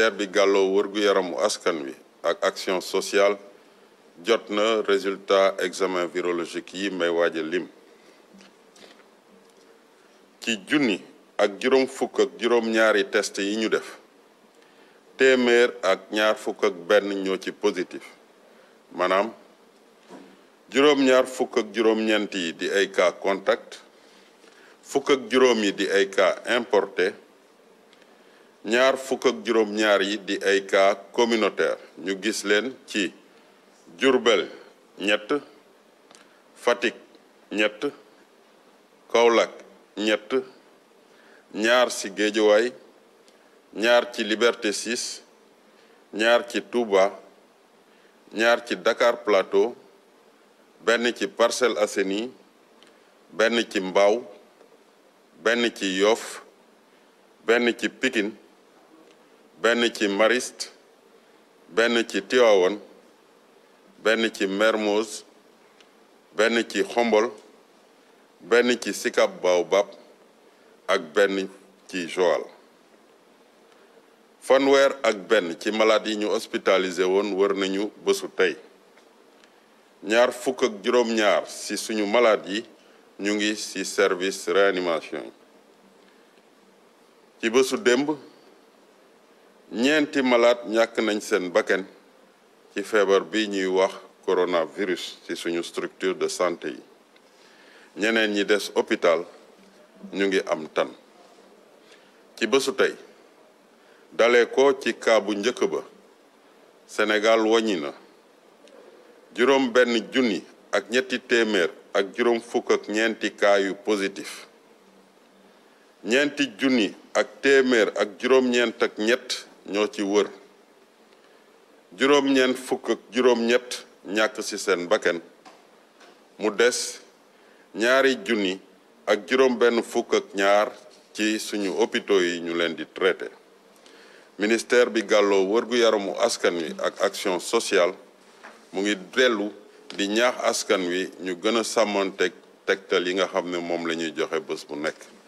ministère gàlloo wërgu-yaramu askan wi ak action sociale jot na résultat examen virologique yi may waaja lim ci junni ak juróom fukk ak juróom test yi ñu def téeméer ak ñaar fukk benn ñoo ci positif maanaam juróom yi di ay cas contact fukk yi di ay cas importé ñaar yi di ay cas communautaire ñu gis leen ci jurbel ñett Fatick ñett Kaolack ñett ñaar ci Géejawaay ñaar ci Liberté 6 ñaar ci tuuba ñaar ci Dakar Plateau benn ci Parcelles Assainies benn ci Mbao benn ci Yoff benn ci Pikine benn ci Mariste benn ci Tivaouane benn ci Mermoz benn ci Xombol benn ci Sicap Baobab ak benn ci Joal fanweer ak benn ci malade yi ñu hospitalisé woon wër nañu bésu tey ñaar ci suñu malade yi ñu ngi ci service réanimation ci bésu démb ñeenti malaat ñàkk nañ seen bakken ci feebar bi ñuy wax coronavirus ci suñu structure de santé yi ñeneen ñi des hôpital ñu ngi am tan ci bésu tey dalee ko ci cas bu njëkk ba Sénégal waññi na juróom benn junni ak ñetti téeméer ak juróom fukk ak ñeenti cas yu positif ñeenti junni ak téeméer ak juróom-ñeent ak ñett ñoo ci wër juróom ñàkk ci seen bakken mu des ñaari junni ak juróom-benn fukk ak ñaar ci suñu hôpitaux yi ñu leen di traité ministère bi gàlloo wër gu yaramu askan wi ak action sociale mu ngi dellu di ñaax askan wi ñu gën a sàmmanteeg tegtal yi nga xam ne moom lañuy joxe bés bu nekk